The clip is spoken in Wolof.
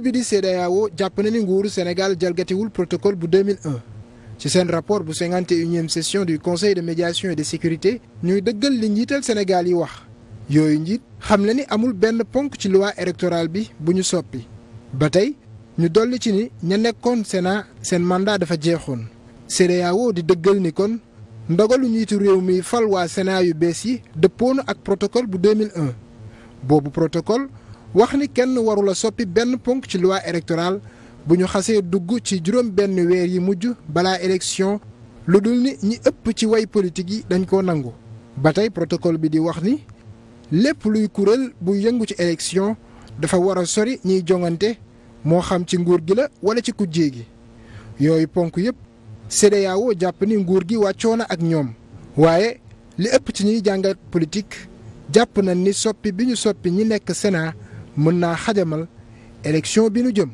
bi di CEDEAO jàpp na ni nguuru Sénégal jalgatiwul protocole bu 2001 ci seen rapport bu 51e session du conseil de médiation et de sécurité ñuy dëggal li njiital Sénégal yi wax yooyu njiit xam na ni amul benn ponk ci loi électorale bi bu ñu soppi ba tey ñu dolli ci ni ña nekkoon Sénat seen mandat dafa jeexoon CEDEAO di dëggal ni kon ndogalu njiitu réew mi fal waa Sénat yu bees yi dëppoonu ak protocole bu 2001 boobu protocole wax ni kenn warula soppi benn ponk ci loi électorale bu ñu xasee dugg ci juróom benn weer yi mujj balaa élection lu dul ni ñi ëpp ci way politique yi dañ koo nangu ba tey protocole bi di wax ni lépp luy kuréel bu yëngu ci élection dafa war a sori ñiy jongante moo xam ci nguur gi la wala ci kujjee gi yooyu ponk yëpp CEDEAO jàpp ni nguur gi wàccoo na ak ñoom waaye li ëpp ci ñuy jàngat politique jàpp na ni soppi bi ñu soppi ñi nekk Sénat mën naa xajamal élection bi nu jëm